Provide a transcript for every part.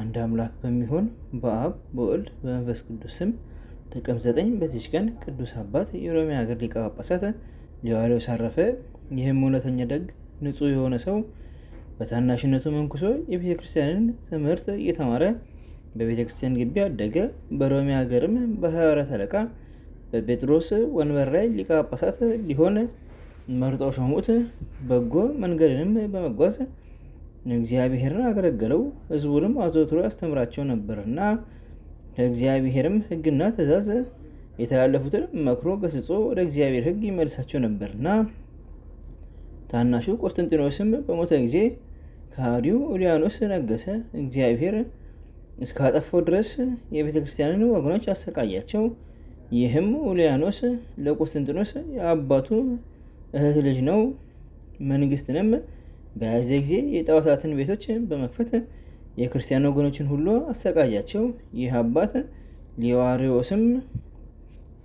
አንድ አምላክ በሚሆን በአብ በወልድ በመንፈስ ቅዱስ ስም ጥቅምት ዘጠኝ በዚች ቀን ቅዱስ አባት የሮሚ ሀገር ሊቀ ጳጳሳት ሊዋሪዎስ አረፈ። ይህም እውነተኛ ደግ ንጹሕ የሆነ ሰው በታናሽነቱ መንኩሶ የቤተ ክርስቲያንን ትምህርት እየተማረ በቤተ ክርስቲያን ግቢ አደገ። በሮሚ ሀገርም በሐዋርያት አለቃ በጴጥሮስ ወንበር ላይ ሊቀ ጳጳሳት ሊሆን መርጠው ሾሙት። በጎ መንገድንም በመጓዝ እግዚአብሔርን አገለገለው፣ ሕዝቡንም አዘውትሮ ያስተምራቸው ነበርና ከእግዚአብሔርም ሕግና ትእዛዝ የተላለፉትን መክሮ ገስጾ ወደ እግዚአብሔር ሕግ ይመልሳቸው ነበርና። ታናሹ ቆስጠንጢኖስም በሞተ ጊዜ ከሃዲው ኡልያኖስ ነገሰ። እግዚአብሔር እስካጠፋው ድረስ የቤተ ክርስቲያንን ወገኖች አሰቃያቸው። ይህም ኡልያኖስ ለቆስጠንጢኖስ የአባቱ እህት ልጅ ነው። መንግስትንም በያዘ ጊዜ የጣዖታትን ቤቶች በመክፈት የክርስቲያን ወገኖችን ሁሉ አሰቃያቸው። ይህ አባት ሊዋሪዎስም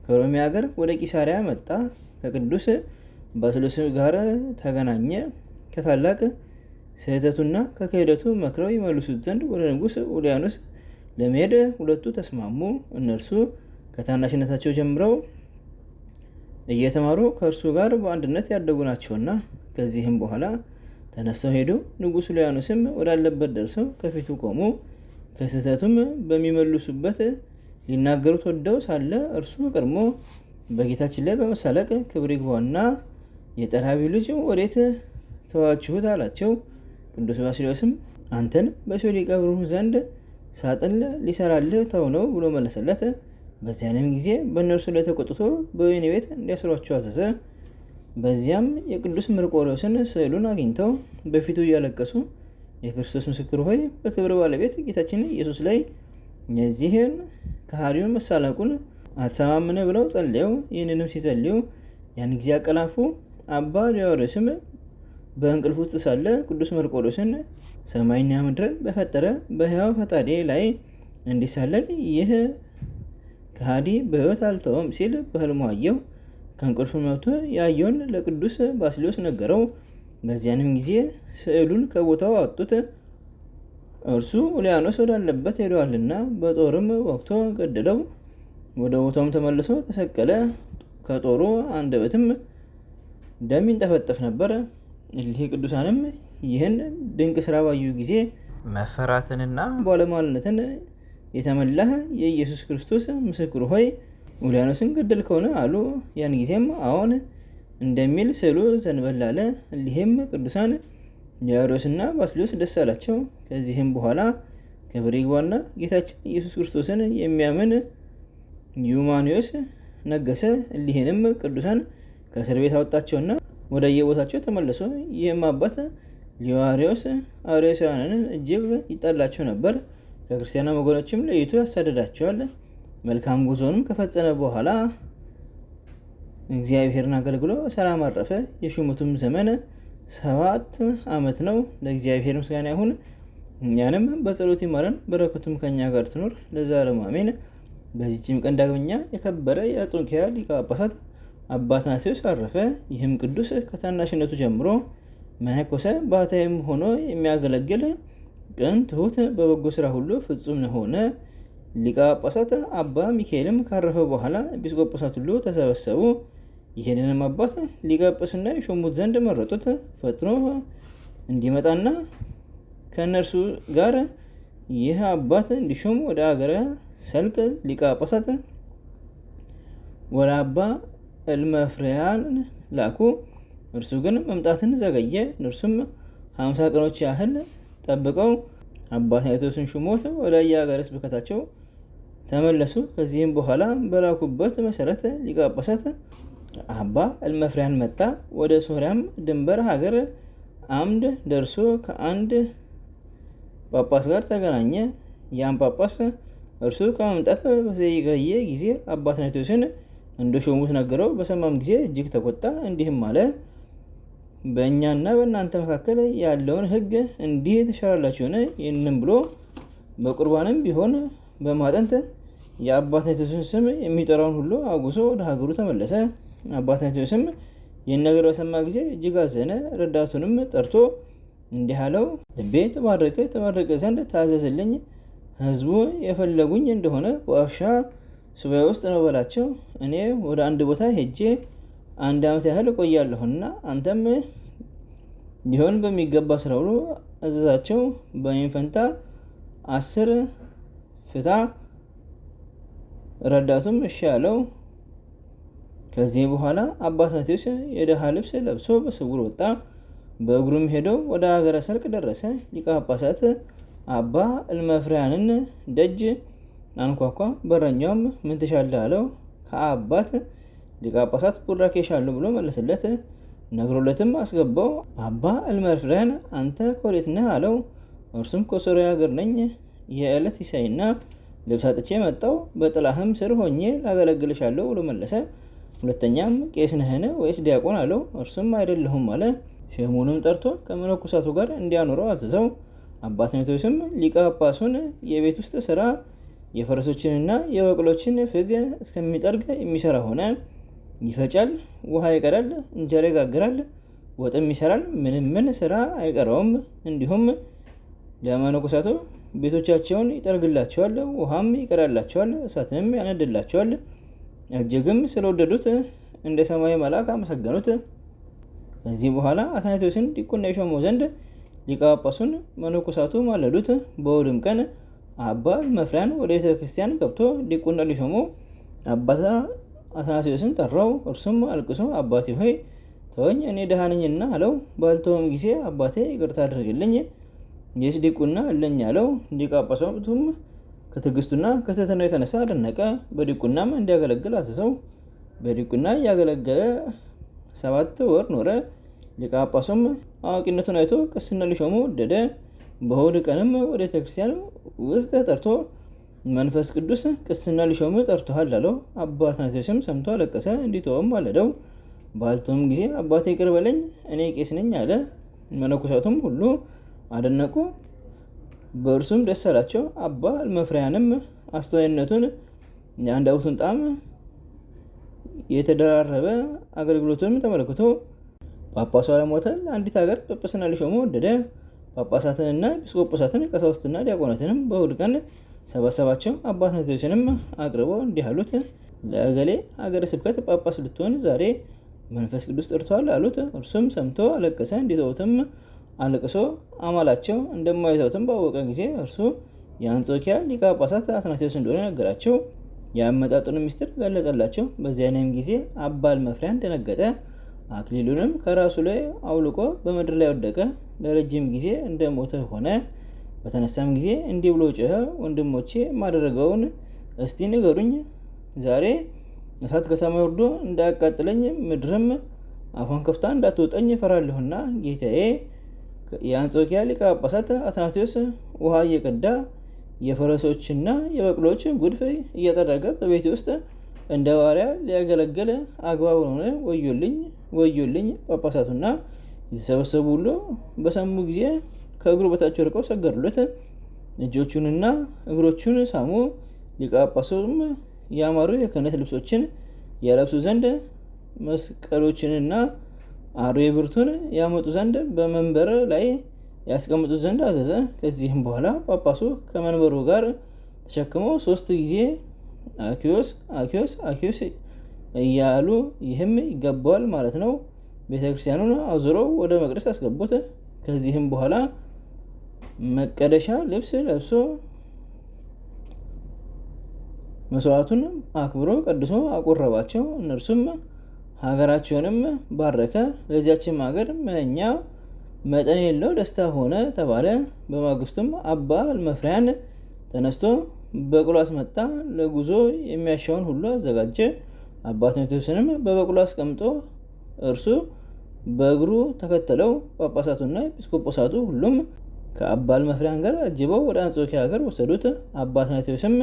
ከሮሚ ሀገር ወደ ቂሳሪያ መጣ። ከቅዱስ ባስሎስ ጋር ተገናኘ። ከታላቅ ስህተቱና ከክህደቱ መክረው ይመልሱት ዘንድ ወደ ንጉሥ ኡልያኖስ ለመሄድ ሁለቱ ተስማሙ። እነርሱ ከታናሽነታቸው ጀምረው እየተማሩ ከእርሱ ጋር በአንድነት ያደጉ ናቸውና ከዚህም በኋላ ተነስተው ሄደው ንጉሥ ሊያኖስም ወዳለበት ደርሰው ከፊቱ ቆሙ። ከስህተቱም በሚመልሱበት ሊናገሩት ወደው ሳለ እርሱ ቀድሞ በጌታችን ላይ በመሳለቅ ክብር ይግባውና የጠራቢው ልጅ ወዴት ተዋችሁት አላቸው። ቅዱስ ባስልዮስም አንተን በሲኦል ይቀብሩህ ዘንድ ሳጥን ሊሰራልህ ተው ነው ብሎ መለሰለት። በዚያንም ጊዜ በእነርሱ ላይ ተቆጥቶ በወህኒ ቤት እንዲያስሯቸው አዘዘ። በዚያም የቅዱስ መርቆሬዎስን ስዕሉን አግኝተው በፊቱ እያለቀሱ የክርስቶስ ምስክር ሆይ በክብር ባለቤት ጌታችን ኢየሱስ ላይ የዚህን ከሃዲውን መሳለቁን አትሰማምን ብለው ጸልየው፣ ይህንንም ሲጸልዩ ያን ጊዜ አቀላፉ። አባ ዲዮሬስም በእንቅልፍ ውስጥ ሳለ ቅዱስ መርቆሬዎስን ሰማይና ምድርን በፈጠረ በሕያው ፈጣዴ ላይ እንዲሳለቅ ይህ ከሃዲ በሕይወት አልተወም ሲል በሕልሙ አየው። ከእንቅልፉ መብቶ ያየውን ለቅዱስ ባስሌዎስ ነገረው። በዚያንም ጊዜ ስዕሉን ከቦታው አወጡት፣ እርሱ ኡልያኖስ ወዳለበት ሄደዋልና፣ በጦርም ወቅቶ ገደለው። ወደ ቦታውም ተመልሶ ተሰቀለ። ከጦሩ አንደበትም ደም ይንጠፈጠፍ ነበር። እሊህ ቅዱሳንም ይህን ድንቅ ስራ ባዩ ጊዜ መፈራትንና ባለሟልነትን የተመላህ የኢየሱስ ክርስቶስ ምስክር ሆይ ውሊያኖስን ገደል ከሆነ አሉ። ያን ጊዜም አዎን እንደሚል ስዕሉ ዘንበላለ። እሊህም ቅዱሳን ጃርዮስና ባስሊዮስ ደስ አላቸው። ከዚህም በኋላ ክብር ይግባውና ጌታችን ኢየሱስ ክርስቶስን የሚያምን ዩማኒዮስ ነገሰ። እሊህንም ቅዱሳን ከእስር ቤት አወጣቸውና የቦታቸው ተመለሱ። ይህም አባት ሊዋሪዎስ አርዮሳውያንን እጅግ ይጠላቸው ነበር። ከክርስቲያና ወገኖችም ለይቶ ያሳደዳቸዋል። መልካም ጉዞንም ከፈጸመ በኋላ እግዚአብሔርን አገልግሎ ሰላም አረፈ። የሹመቱም ዘመን ሰባት ዓመት ነው። ለእግዚአብሔር ምስጋና ይሁን፣ እኛንም በጸሎት ይማረን፣ በረከቱም ከኛ ጋር ትኖር ለዘላለሙ አሜን። በዚህችም ቀን ዳግመኛ የከበረ የአንጾኪያ ሊቀ ጳጳሳት አባ አትናቴዎስ አረፈ። ይህም ቅዱስ ከታናሽነቱ ጀምሮ መነኮሰ፣ ባህታዊም ሆኖ የሚያገለግል ቅን፣ ትሑት፣ በበጎ ስራ ሁሉ ፍጹም ሆነ። ሊቀ ጳጳሳት አባ ሚካኤልም ካረፈ በኋላ ኤጲስቆጶሳት ሁሉ ተሰበሰቡ። ይህንንም አባት ሊቀ ጵጵስና የሾሙት ዘንድ መረጡት። ፈጥኖ እንዲመጣና ከእነርሱ ጋር ይህ አባት እንዲሾም ወደ አገረ ሰልቅ ሊቀ ጳጳሳት ወደ አባ እልመፍሪያን ላኩ። እርሱ ግን መምጣትን ዘገየ። እነርሱም ሀምሳ ቀኖች ያህል ጠብቀው አባት ሳይቶስን ሹሞት ወደ የአገረ ስብከታቸው ተመለሱ። ከዚህም በኋላ በላኩበት መሰረት ሊቀ ጳጳሳት አባ አልመፍሪያን መጣ። ወደ ሶሪያም ድንበር ሀገር አምድ ደርሶ ከአንድ ጳጳስ ጋር ተገናኘ። ያም ጳጳስ እርሱ ከመምጣት በዘገየ ጊዜ አባ አትናቴዎስን እንደ ሾሙት ነገረው። በሰማም ጊዜ እጅግ ተቆጣ፣ እንዲህም አለ በእኛና በእናንተ መካከል ያለውን ሕግ እንዲህ ትሻራላችሁን? ይህንም ብሎ በቁርባንም ቢሆን በማጠንት የአባትናቴዎስን ስም የሚጠራውን ሁሉ አጉሶ ወደ ሀገሩ ተመለሰ። ስም ይህን ነገር በሰማ ጊዜ እጅግ አዘነ። ረዳቱንም ጠርቶ እንዲህ አለው፣ ልቤ ተባረከ ተባረከ ዘንድ ታዘዝልኝ። ህዝቡ የፈለጉኝ እንደሆነ በዋሻ ሱባኤ ውስጥ ነው በላቸው። እኔ ወደ አንድ ቦታ ሄጄ አንድ ዓመት ያህል እቆያለሁና አንተም ሊሆን በሚገባ ስራ ሁሉ አዘዛቸው። በእኔም ፈንታ አስር ፍታ ረዳቱም እሺ አለው። ከዚህ በኋላ አባት ማቴዎስ የድሃ ልብስ ለብሶ በስውር ወጣ። በእግሩም ሄዶ ወደ ሀገረ ሰርቅ ደረሰ። ሊቀ ጳጳሳት አባ እልመፍሪያንን ደጅ አንኳኳ። በረኛውም ምን ትሻለህ አለው። ከአባት ሊቀ ጳጳሳት ቡራኬ ብሎ መለስለት። ነግሮለትም አስገባው። አባ እልመፍሪያን አንተ ኮሌት ነህ አለው። እርሱም ከሶሪያ ሀገር ነኝ፣ የዕለት ይሳይና። ልብስ አጥቼ መጣው በጥላህም ስር ሆኜ ላገለግልሻለሁ ብሎ መለሰ። ሁለተኛም ቄስ ነህን ወይስ ዲያቆን አለው። እርሱም አይደለሁም አለ። ሽሙንም ጠርቶ ከመነኮሳቱ ጋር እንዲያኖረው አዘዘው። አባትነቶስም ሊቀ ጳጳሱን የቤት ውስጥ ስራ የፈረሶችንና የበቅሎችን ፍግ እስከሚጠርግ የሚሰራ ሆነ። ይፈጫል፣ ውሃ ይቀዳል፣ እንጀራ ይጋግራል፣ ወጥም ይሰራል። ምንም ምን ስራ አይቀረውም። እንዲሁም ለመነኮሳቱ ቤቶቻቸውን ይጠርግላቸዋል፣ ውሃም ይቀዳላቸዋል፣ እሳትንም ያነድላቸዋል። እጅግም ስለወደዱት እንደ ሰማይ መልአክ አመሰገኑት። ከዚህ በኋላ አትናቴዎስን ዲቁና የሾመው ዘንድ ሊቀ ጳጳሱን መነኮሳቱ ማለዱት። በእሑድም ቀን አባ መፍሪያን ወደ ቤተ ክርስቲያን ገብቶ ዲቁና ሊሾመው አባታ አትናቴዎስን ጠራው። እርሱም አልቅሶ አባቴ ሆይ ተወኝ፣ እኔ ደሃ ነኝና አለው። ባልተወም ጊዜ አባቴ ይቅርታ አድርግልኝ ጌስ ዲቁና እልኝ ያለው ሊቀ ጳጳሳቱም ከትዕግስቱና ከትህትናው የተነሳ አደነቀ። በዲቁናም እንዲያገለግል አዘዘው። በዲቁና እያገለገለ ሰባት ወር ኖረ። ሊቀ አዋቂነቱን አይቶ ቅስና ሊሾሙ ወደደ። በሆድ ቀንም ወደ ቤተክርስቲያን ውስጥ ጠርቶ መንፈስ ቅዱስ ቅስና ሊሾም ጠርቶሃል አለው። አባ አትናቴዎስም ሰምቶ አለቀሰ፣ እንዲተወም አለደው። ባልተውም ጊዜ አባቴ ይቅር በለኝ እኔ ቄስ ነኝ አለ። መነኮሳቱም ሁሉ አደነቁ፣ በእርሱም ደስ አላቸው። አባ መፍሪያንም አስተዋይነቱን፣ የአንደበቱን ጣዕም፣ የተደራረበ አገልግሎቱንም ተመለክተው ጳጳሱ አለሞተ ለአንዲት ሀገር ጵጵስና ሊሾሙ ወደደ። ጳጳሳትንና ኤጲስቆጶሳትን ቀሳውስትና ዲያቆናትንም በእሑድ ቀን ሰባሰባቸው። አባትነቶችንም አቅርቦ እንዲህ አሉት። ለእገሌ ሀገረ ስብከት ጳጳስ ልትሆን ዛሬ መንፈስ ቅዱስ ጠርቷል አሉት። እርሱም ሰምቶ አለቀሰ። እንዲተውትም አልቅሶ አማላቸው እንደማይተውትም ባወቀ ጊዜ እርሱ የአንጾኪያ ሊቀ ጳጳሳት አትናቴዎስ እንደሆነ ነገራቸው። የአመጣጡን ምስጢር ገለጸላቸው። በዚያንም ጊዜ አባል መፍሪያን ደነገጠ። አክሊሉንም ከራሱ ላይ አውልቆ በምድር ላይ ወደቀ። ለረጅም ጊዜ እንደ ሞተ ሆነ። በተነሳም ጊዜ እንዲህ ብሎ ጮኸ፣ ወንድሞቼ ማደረገውን እስቲ ንገሩኝ። ዛሬ እሳት ከሰማይ ወርዶ እንዳያቃጥለኝ ምድርም አፏን ከፍታ እንዳትወጠኝ እፈራለሁና ጌታዬ የአንጾኪያ ሊቀ ጳጳሳት አትናቴዎስ ውሃ እየቀዳ የፈረሶችና የበቅሎች ጉድፍ እያጠረገ በቤት ውስጥ እንደ ባሪያ ሊያገለግል አግባብ ሆነ። ወዮልኝ ወዮልኝ! ጳጳሳቱና የተሰበሰቡ ሁሉ በሰሙ ጊዜ ከእግሩ በታቸው ርቀው ሰገዱለት፣ እጆቹንና እግሮቹን ሳሙ። ሊቀ ጳጳሱም ያማሩ የክህነት ልብሶችን ያለብሱ ዘንድ መስቀሎችንና አሮ ብርቱን ያመጡ ዘንድ በመንበር ላይ ያስቀምጡት ዘንድ አዘዘ። ከዚህም በኋላ ጳጳሱ ከመንበሩ ጋር ተሸክሞ ሶስት ጊዜ አኪዮስ አኪዮስ አኪዮስ እያሉ ይህም ይገባዋል ማለት ነው፣ ቤተ ክርስቲያኑን አዙረው ወደ መቅደስ አስገቡት። ከዚህም በኋላ መቀደሻ ልብስ ለብሶ መስዋዕቱን አክብሮ ቀድሶ አቆረባቸው። እነርሱም ሀገራቸውንም ባረከ። ለዚያችን ሀገር ምንኛ መጠን የለው ደስታ ሆነ ተባለ። በማግስቱም አባ አልመፍሪያን ተነስቶ በቅሎ አስመጣ፣ ለጉዞ የሚያሻውን ሁሉ አዘጋጀ። አባ ትሞቴዎስንም በበቅሎ አስቀምጦ እርሱ በእግሩ ተከተለው። ጳጳሳቱና ኤጲስቆጶሳቱ ሁሉም ከአባ እልመፍርያን ጋር አጅበው ወደ አንጾኪያ ሀገር ወሰዱት። አባ ትሞቴዎስም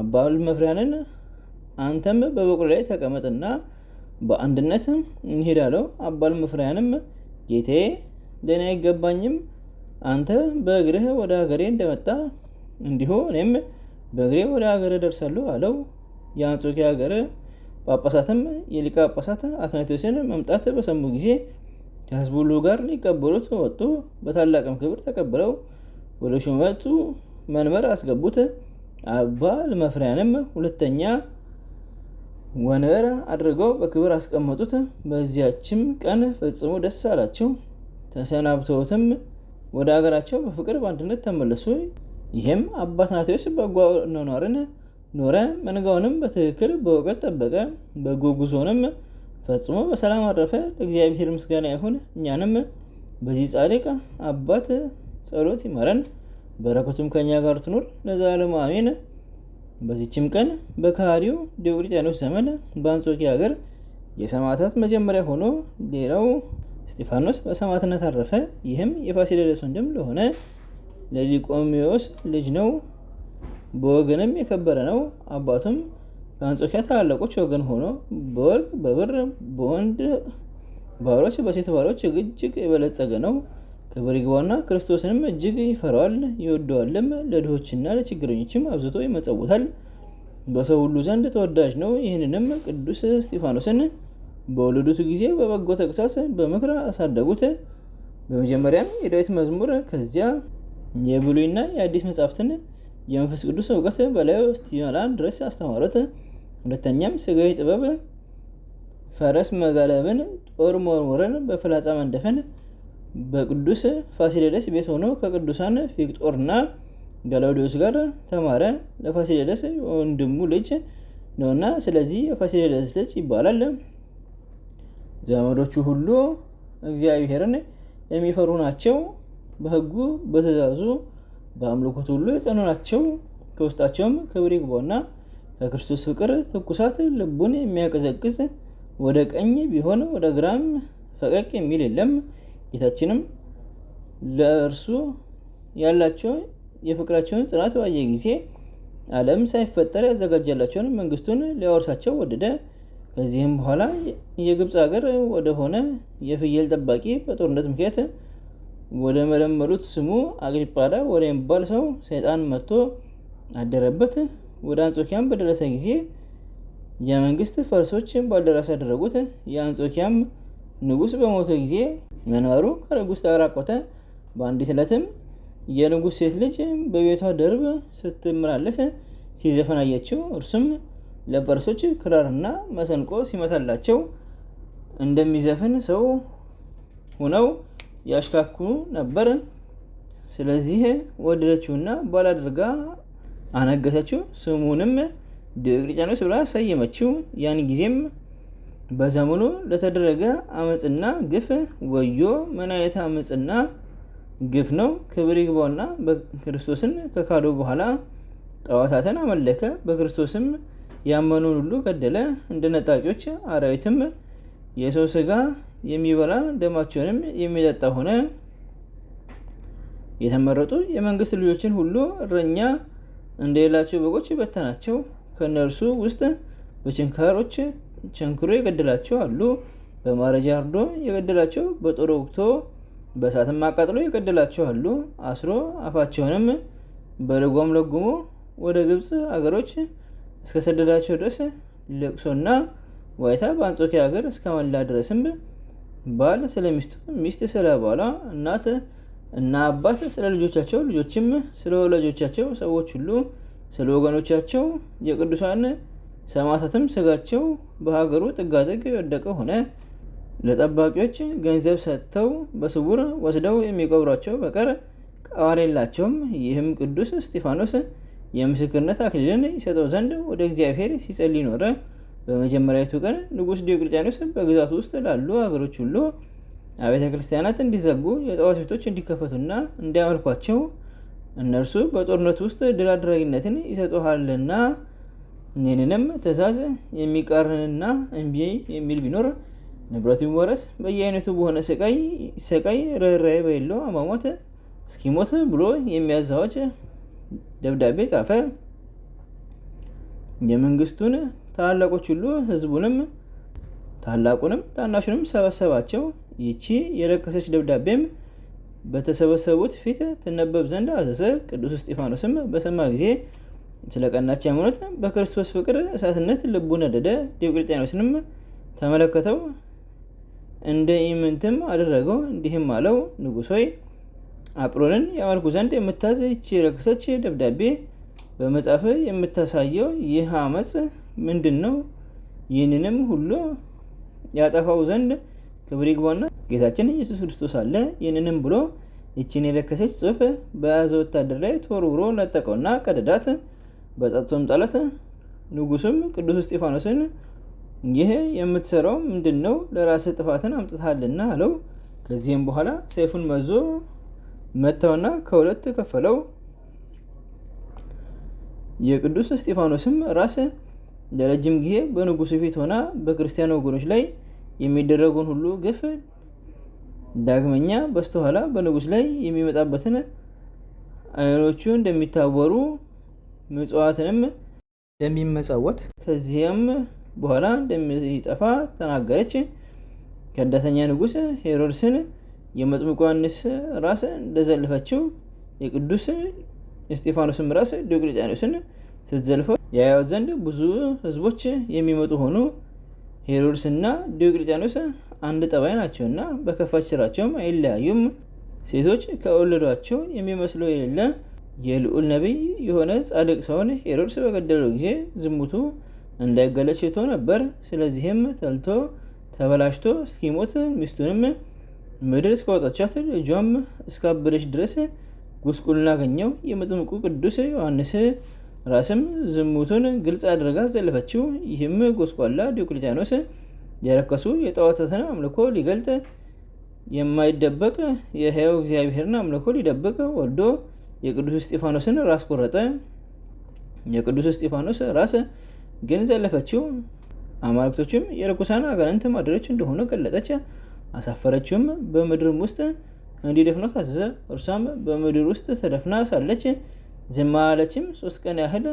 አባ እልመፍርያንን አንተም በበቅሎ ላይ ተቀመጥና በአንድነት እንሄዳለው አባል መፍሪያንም ጌቴ ለእኔ አይገባኝም፣ አንተ በእግርህ ወደ ሀገሬ እንደመጣ እንዲሁ እኔም በእግሬ ወደ ሀገር ደርሳለሁ አለው። የአንጾኪያ ሀገር ጳጳሳትም የሊቀ ጳጳሳት አትናቴዎስን መምጣት በሰሙ ጊዜ ከህዝቡ ሁሉ ጋር ሊቀበሉት ወጡ። በታላቅም ክብር ተቀብለው ወደ ሹመቱ መንበር አስገቡት። አባ ለመፍሪያንም ሁለተኛ ወነር አድርገው በክብር አስቀመጡት። በዚያችም ቀን ፈጽሞ ደስ አላቸው። ተሰናብተውትም ወደ አገራቸው በፍቅር በአንድነት ተመለሱ። ይህም አትናቴዎስ በጎ አኗኗርን ኖረ። መንጋውንም በትክክል በእውቀት ጠበቀ። በጎ ጉዞንም ፈጽሞ በሰላም አረፈ። ለእግዚአብሔር ምስጋና ይሁን። እኛንም በዚህ ጻድቅ አባት ጸሎት ይመረን፣ በረከቱም ከእኛ ጋር ትኑር ለዘላለሙ አሜን። በዚችም ቀን በካሪው ዲዮቅልጥያኖስ ዘመን በአንጾኪያ ሀገር የሰማዕታት መጀመሪያ ሆኖ ሌላው እስጢፋኖስ በሰማዕትነት አረፈ። ይህም የፋሲለደስ ወንድም ለሆነ ለሊቆሚዎስ ልጅ ነው። በወገንም የከበረ ነው። አባቱም ከአንጾኪያ ታላላቆች ወገን ሆኖ በወርቅ በብር በወንድ ባሮች በሴት ባሮች እጅግ የበለጸገ ነው። ክብር ይግባውና ክርስቶስንም እጅግ ይፈራዋል ይወደዋልም፣ ለድሆችና ለችግረኞችም አብዝቶ ይመጸውታል፣ በሰው ሁሉ ዘንድ ተወዳጅ ነው። ይህንንም ቅዱስ እስጢፋኖስን በወለዱት ጊዜ በበጎ ተግሳጽ በምክር አሳደጉት። በመጀመሪያም የዳዊት መዝሙር፣ ከዚያ የብሉይና የአዲስ መጻሕፍትን የመንፈስ ቅዱስ እውቀት በላዩ እስቲሞላ ድረስ አስተማሩት። ሁለተኛም ስጋዊ ጥበብ፣ ፈረስ መጋለብን፣ ጦር መወርወርን፣ በፍላጻ መንደፍን በቅዱስ ፋሲለደስ ቤት ሆኖ ከቅዱሳን ፊቅጦርና ገላውዴዎስ ጋር ተማረ። ለፋሲለደስ ወንድሙ ልጅ ነውና ስለዚህ የፋሲለደስ ልጅ ይባላል። ዘመዶቹ ሁሉ እግዚአብሔርን የሚፈሩ ናቸው። በሕጉ በትእዛዙ በአምልኮት ሁሉ የጸኑ ናቸው። ከውስጣቸውም ክብር ይግባውና ከክርስቶስ ፍቅር ትኩሳት ልቡን የሚያቀዘቅዝ ወደ ቀኝ ቢሆን ወደ ግራም ፈቀቅ የሚል የለም። ጌታችንም ለእርሱ ያላቸው የፍቅራቸውን ጽናት ባየ ጊዜ ዓለም ሳይፈጠር ያዘጋጃላቸውን መንግስቱን ሊያወርሳቸው ወደደ። ከዚህም በኋላ የግብፅ ሀገር ወደሆነ የፍየል ጠባቂ በጦርነት ምክንያት ወደ መለመሉት ስሙ አግሪጳዳ ወደሚባል ሰው ሰይጣን መጥቶ አደረበት። ወደ አንጾኪያም በደረሰ ጊዜ የመንግስት ፈርሶች ባልደራስ ያደረጉት። የአንጾኪያም ንጉስ በሞተ ጊዜ መንበሩ ከንጉስ ተራቆተ። በአንዲት ዕለትም የንጉስ ሴት ልጅ በቤቷ ደርብ ስትመላለስ ሲዘፈን አየችው። እርሱም ለፈረሶች ክራርና መሰንቆ ሲመታላቸው እንደሚዘፍን ሰው ሆነው ያሽካኩ ነበር። ስለዚህ ወደደችውና ባል አድርጋ አነገሰችው። ስሙንም ዲዮቅልጥያኖስ ብላ ሰየመችው። ያን ጊዜም በዘመኑ ለተደረገ አመፅና ግፍ ወዮ! ምን አይነት አመፅና ግፍ ነው! ክብር ይግባውና በክርስቶስን ከካዶ በኋላ ጠዋታትን አመለከ። በክርስቶስም ያመኑን ሁሉ ገደለ። እንደ ነጣቂዎች አራዊትም የሰው ስጋ የሚበላ ደማቸውንም የሚጠጣ ሆነ። የተመረጡ የመንግስት ልጆችን ሁሉ እረኛ እንደሌላቸው በጎች በተናቸው። ከእነርሱ ውስጥ በችንካሮች ቸንክሮ የገደላቸው አሉ። በማረጃ አርዶ የገደላቸው፣ በጦር ወቅቶ በእሳትም አቃጥሎ የገደላቸው አሉ። አስሮ አፋቸውንም በልጓም ለጉሞ ወደ ግብፅ አገሮች እስከሰደዳቸው ድረስ ለቅሶና ዋይታ በአንጾኪያ ሀገር እስከመላ ድረስም ባል ስለ ሚስቱ፣ ሚስት ስለ ባሏ፣ እናት እና አባት ስለ ልጆቻቸው፣ ልጆችም ስለ ወላጆቻቸው፣ ሰዎች ሁሉ ስለ ወገኖቻቸው የቅዱሳን ሰማዕታትም ስጋቸው በሀገሩ ጥጋጥግ የወደቀ ሆነ። ለጠባቂዎች ገንዘብ ሰጥተው በስውር ወስደው የሚቀብሯቸው በቀር ቀባሪ የላቸውም። ይህም ቅዱስ እስጢፋኖስ የምስክርነት አክሊልን ይሰጠው ዘንድ ወደ እግዚአብሔር ሲጸልይ ኖረ። በመጀመሪያዊቱ ቀን ንጉሥ ዲዮቅልጥያኖስ በግዛቱ ውስጥ ላሉ ሀገሮች ሁሉ አብያተ ክርስቲያናት እንዲዘጉ፣ የጣዖት ቤቶች እንዲከፈቱና እንዲያመልኳቸው እነርሱ በጦርነት ውስጥ ድል አድራጊነትን ይሰጡሃልና ይህንንም ትእዛዝ የሚቃርንና እምቢ የሚል ቢኖር ንብረቱ ይወረስ፣ በየአይነቱ በሆነ ሰቃይ ርኅራኄ በሌለው አሟሟት እስኪሞት ብሎ የሚያዛዋጅ ደብዳቤ ጻፈ። የመንግስቱን ታላላቆች ሁሉ ህዝቡንም ታላቁንም ታናሹንም ሰበሰባቸው። ይቺ የረከሰች ደብዳቤም በተሰበሰቡት ፊት ትነበብ ዘንድ አዘዘ። ቅዱስ እስጢፋኖስም በሰማ ጊዜ ስለቀናች ሃይማኖት በክርስቶስ ፍቅር እሳትነት ልቡ ነደደ፣ ዲዮቅልጥያኖስንም ተመለከተው፣ እንደ ኢምንትም አደረገው፣ እንዲህም አለው፦ ንጉሥ ሆይ አጵሎንን ያመልኩ ዘንድ የምታዝ ይቺ ረከሰች ደብዳቤ በመጻፍ የምታሳየው ይህ አመፅ ምንድን ነው? ይህንንም ሁሉ ያጠፋው ዘንድ ክብር ይግባውና ጌታችን ኢየሱስ ክርስቶስ አለ። ይህንንም ብሎ ይችን የረከሰች ጽሑፍ በያዘ ወታደር ላይ ተወርውሮ ነጠቀውና ቀደዳት። በጣትቶም ጣላት። ንጉስም ቅዱስ እስጢፋኖስን ይህ የምትሰራው ምንድን ነው? ለራስህ ጥፋትን አምጥታልና አለው። ከዚህም በኋላ ሰይፉን መዞ መታውና ከሁለት ከፈለው። የቅዱስ እስጢፋኖስም ራስ ለረጅም ጊዜ በንጉሱ ፊት ሆና በክርስቲያን ወገኖች ላይ የሚደረጉን ሁሉ ግፍ ዳግመኛ በስተኋላ በንጉስ ላይ የሚመጣበትን አይኖቹ እንደሚታወሩ ምጽዋትንም እንደሚመጸወት ከዚህም በኋላ እንደሚጠፋ ተናገረች። ከዳተኛ ንጉሥ ሄሮድስን የመጥምቁ ዮሐንስ ራስ እንደዘልፈችው የቅዱስ እስጢፋኖስም ራስ ዲዮቅልጥያኖስን ስትዘልፈው ያያወት ዘንድ ብዙ ሕዝቦች የሚመጡ ሆኑ። ሄሮድስና ዲዮቅልጥያኖስ አንድ ጠባይ ናቸውና በከፋች ስራቸውም አይለያዩም። ሴቶች ከወለዷቸው የሚመስለው የሌለ የልዑል ነቢይ የሆነ ጻድቅ ሰውን ሄሮድስ በገደለው ጊዜ ዝሙቱ እንዳይገለጽ ሽቶ ነበር። ስለዚህም ተልቶ ተበላሽቶ እስኪሞት ሚስቱንም ምድር እስካወጣቻት ልጇም እስካበደች ድረስ ጉስቁልና አገኘው። የመጥምቁ ቅዱስ ዮሐንስ ራስም ዝሙቱን ግልጽ አድርጋ ዘለፈችው። ይህም ጎስቋላ ዲዮቅልጥያኖስ የረከሱ የጣዖታትን አምልኮ ሊገልጥ የማይደበቅ የሕያው እግዚአብሔርን አምልኮ ሊደብቅ ወዶ የቅዱስ እስጢፋኖስን ራስ ቆረጠ። የቅዱስ እስጢፋኖስ ራስ ግን ዘለፈችው፣ አማልክቶችም የርኩሳን አጋንንት ማደሪያዎች እንደሆነ ገለጠች፣ አሳፈረችውም። በምድርም ውስጥ እንዲደፍኖ ታዘዘ። እርሷም በምድር ውስጥ ተደፍና ሳለች ዝም አለችም። ሶስት ቀን ያህል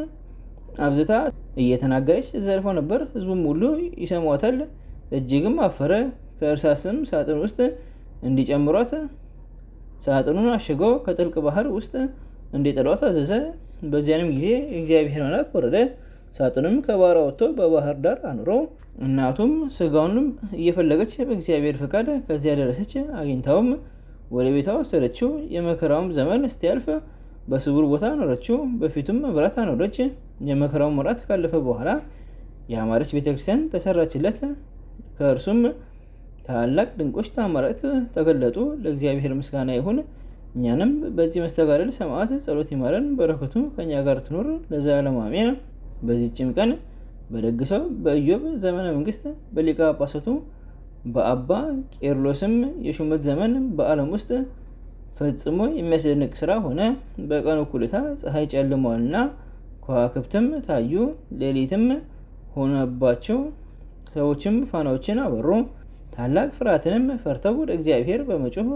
አብዝታ እየተናገረች ዘልፎ ነበር። ህዝቡም ሁሉ ይሰሟታል፣ እጅግም አፈረ። ከእርሳስም ሳጥን ውስጥ እንዲጨምሯት ሳጥኑን አሽጎ ከጥልቅ ባህር ውስጥ እንዲጥለው ታዘዘ። በዚያንም ጊዜ እግዚአብሔር መልአክ ወረደ፣ ሳጥኑም ከባህር ወጥቶ በባህር ዳር አኑሮ። እናቱም ስጋውንም እየፈለገች በእግዚአብሔር ፈቃድ ከዚያ ደረሰች። አግኝታውም ወደ ቤቷ ወሰደችው። የመከራውም ዘመን እስቲያልፍ በስውር ቦታ አኖረችው። በፊቱም መብራት አኖረች። የመከራው ወራት ካለፈ በኋላ የአማረች ቤተክርስቲያን ተሰራችለት። ከእርሱም ታላላቅ ድንቆች ታምራት ተገለጡ። ለእግዚአብሔር ምስጋና ይሁን። እኛንም በዚህ መስተጋደል ሰማዕት ጸሎት ይማረን፣ በረከቱ ከኛ ጋር ትኑር ለዘላለሙ አሜን። በዚህችም ቀን በደግሰው በእዮብ በኢዮብ ዘመነ መንግስት በሊቀ ጳጳሳቱ በአባ ቄርሎስም የሹመት ዘመን በዓለም ውስጥ ፈጽሞ የሚያስደንቅ ስራ ሆነ። በቀን እኩልታ ፀሐይ ጨልሟልና ከዋክብትም ታዩ፣ ሌሊትም ሆነባቸው። ሰዎችም ፋናዎችን አበሩ። ታላቅ ፍርሃትንም ፈርተው ወደ እግዚአብሔር በመጮህ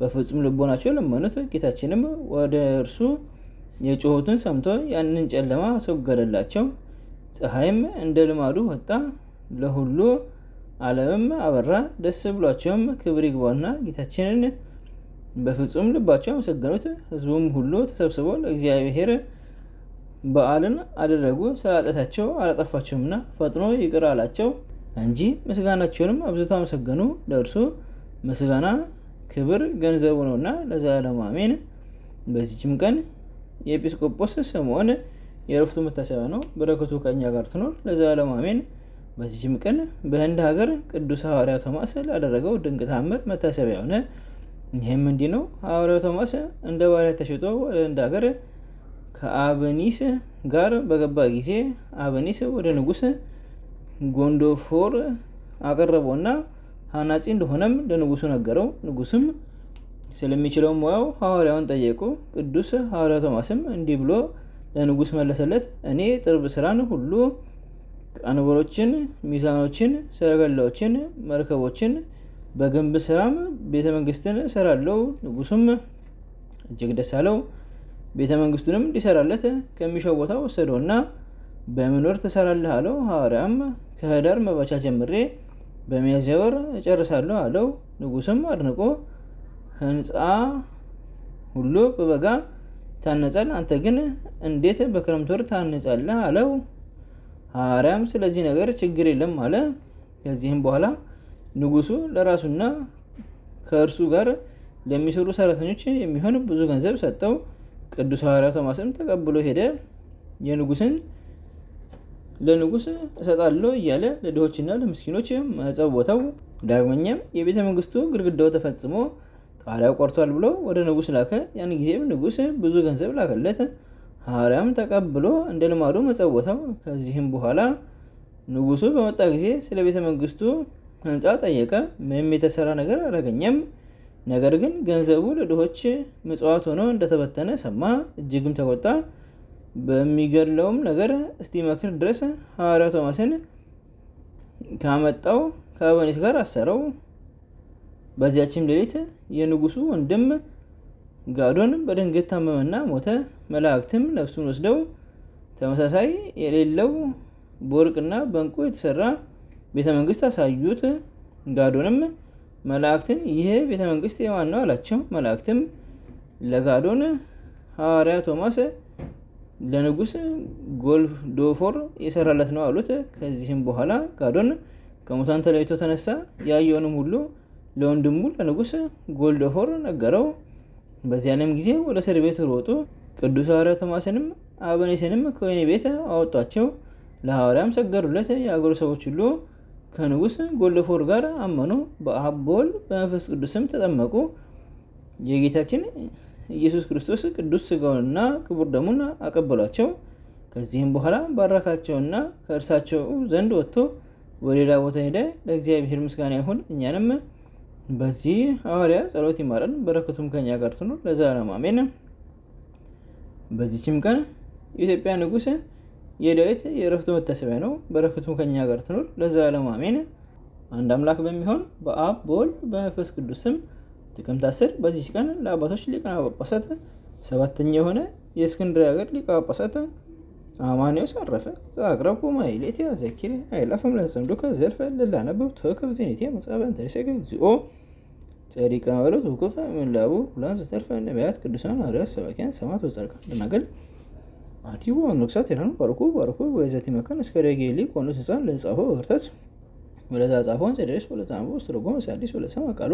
በፍጹም ልቦናቸው ለመኑት። ጌታችንም ወደ እርሱ የጮሁትን ሰምቶ ያንን ጨለማ አስወገደላቸው። ፀሐይም እንደ ልማዱ ወጣ፣ ለሁሉ ዓለምም አበራ። ደስ ብሏቸውም ክብር ይግባውና ጌታችንን በፍጹም ልባቸው አመሰገኑት። ሕዝቡም ሁሉ ተሰብስቦ ለእግዚአብሔር በዓልን አደረጉ። ስለ ኃጢአታቸው አላጠፋቸውምና ፈጥኖ ይቅር አላቸው። እንጂ ምስጋናቸውንም አብዝቶ አመሰገኑ። ለእርሱ ምስጋና ክብር ገንዘቡ ነውና ለዘላለሙ አሜን። በዚችም ቀን የኤጲስቆጶስ ስምዖን የረፍቱ መታሰቢያ ነው። በረከቱ ከእኛ ጋር ትኖር ለዘላለሙ አሜን። በዚችም ቀን በህንድ ሀገር ቅዱስ ሐዋርያው ቶማስ ላደረገው ድንቅ ተአምር መታሰቢያ ሆነ። ይህም እንዲህ ነው። ሐዋርያው ቶማስ እንደ ባሪያ ተሽጦ ወደ ህንድ ሀገር ከአበኒስ ጋር በገባ ጊዜ አበኒስ ወደ ንጉሥ ጎንዶፎር አቀረበው እና አናጺ እንደሆነም ለንጉሱ ነገረው። ንጉስም ስለሚችለው ሙያው ሐዋርያውን ጠየቁ። ቅዱስ ሐዋርያ ቶማስም እንዲህ ብሎ ለንጉስ መለሰለት፣ እኔ ጥርብ ስራን ሁሉ ቀንበሮችን፣ ሚዛኖችን፣ ሰረገላዎችን፣ መርከቦችን፣ በግንብ ስራም ቤተ መንግስትን ሰራለው። ንጉሱም እጅግ ደስ አለው። ቤተ መንግስቱንም ሊሰራለት ከሚሻው ቦታ ወሰደውና በምን ወር ትሰራለህ አለው። ሐዋርያም ከህዳር መባቻ ጀምሬ በሚያዝያ ወር እጨርሳለሁ አለው። ንጉስም አድንቆ ህንፃ ሁሉ በበጋ ታነጻል፣ አንተ ግን እንዴት በክረምት ወር ታነጻለህ አለው። ሐዋርያም ስለዚህ ነገር ችግር የለም አለ። ከዚህም በኋላ ንጉሱ ለራሱና ከእርሱ ጋር ለሚሰሩ ሰራተኞች የሚሆን ብዙ ገንዘብ ሰጠው። ቅዱስ ሐዋርያው ቶማስም ተቀብሎ ሄደ። የንጉስን ለንጉስ እሰጣለሁ እያለ ለድሆችና ለምስኪኖች መጸወተው። ዳግመኛም የቤተ መንግስቱ ግድግዳው ተፈጽሞ ጣሪያው ቆርቷል ብሎ ወደ ንጉስ ላከ። ያን ጊዜም ንጉስ ብዙ ገንዘብ ላከለት። ሐዋርያም ተቀብሎ እንደ ልማዱ መጸወተው። ከዚህም በኋላ ንጉሱ በመጣ ጊዜ ስለ ቤተ መንግስቱ ህንፃ ጠየቀ። ምንም የተሰራ ነገር አላገኘም። ነገር ግን ገንዘቡ ለድሆች ምጽዋት ሆኖ እንደተበተነ ሰማ። እጅግም ተቆጣ። በሚገድለውም ነገር እስቲመክር ድረስ ሐዋርያው ቶማስን ካመጣው ከአበኔስ ጋር አሰረው። በዚያችም ሌሊት የንጉሱ ወንድም ጋዶን በድንገት ታመመና ሞተ። መላእክትም ነፍሱን ወስደው ተመሳሳይ የሌለው በወርቅና በእንቁ የተሰራ ቤተመንግስት አሳዩት። ጋዶንም መላእክትን ይህ ቤተመንግስት የማን ነው አላቸው። መላእክትም ለጋዶን ሐዋርያ ቶማስ ለንጉስ ጎልፍ ዶፎር የሰራለት ነው አሉት። ከዚህም በኋላ ጋዶን ከሙታን ተለይቶ ተነሳ። ያየውንም ሁሉ ለወንድሙ ለንጉስ ጎልዶፎር ነገረው። በዚያንም ጊዜ ወደ እስር ቤት ሮጡ። ቅዱስ ሐዋርያ ቶማስንም አበኔሴንም ከወህኒ ቤት አወጧቸው። ለሐዋርያም ሰገዱለት። የአገሩ ሰዎች ሁሉ ከንጉስ ጎልዶፎር ጋር አመኑ። በአብ በወልድ በመንፈስ ቅዱስም ተጠመቁ። የጌታችን ኢየሱስ ክርስቶስ ቅዱስ ስጋውንና ክቡር ደሙን አቀበሏቸው። ከዚህም በኋላ ባረካቸውና ከእርሳቸው ዘንድ ወጥቶ ወደ ሌላ ቦታ ሄደ። ለእግዚአብሔር ምስጋና ይሁን፣ እኛንም በዚህ ሐዋርያ ጸሎት ይማረን፣ በረከቱም ከኛ ጋር ትኑር ለዘላለሙ አሜን። በዚችም ቀን የኢትዮጵያ ንጉሥ የዳዊት የእረፍቱ መታሰቢያ ነው። በረከቱም ከኛ ጋር ትኑር ለዘላለሙ አሜን። አንድ አምላክ በሚሆን በአብ በወልድ በመንፈስ ቅዱስ ስም ጥቅምት 10 በዚች ቀን ለአባቶች ሊቃነ ጳጳሳት ሰባተኛ የሆነ የእስክንድርያ ሀገር ሊቀ ጳጳሳት አማኔዎስ አረፈ። ዘአቅረብኩ ማኅሌተ ዘኪሬ አእላፈ ለዘምዱከ ዘልፈ ለላነበብ ተወከብ ዜኔቴ መጽሐፈ እንተ ርእሰከ እግዚኦ ጸዲቀ ማለት ውቁፈ ምንላቡ ሁላን ዘተርፈ ነቢያት ቅዱሳን ሐዋርያት ሰባኪያን ሰማት ወጻድቃን ልናገል አዲቦ ንጉሳት ይላሉ። ባርኩ ባርኩ ወይዘቲ መካን እስከ ሬጌሊ ቆኖ ህፃን ለጻፈ ወርተት ወለዛ ጻፈውን ጸደሬስ ወለዛ ንቦ ስትርጎ ሳዲስ ወለሰማ ቃሉ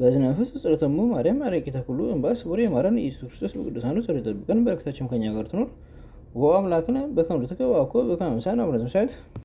በዚህ መንፈስ ጽረተሙ ማርያም አረቂተ ኩሉ እምባስ ወሬ ማረን ኢየሱስ ክርስቶስ በቅዱሳኑ ጸሎት ጠብቀን በረከታችን ከኛ ጋር ትኖር ወአምላክነ በከመ ትከ ወአኮ በከመ ምሳን አቡነ ዘበሰማያት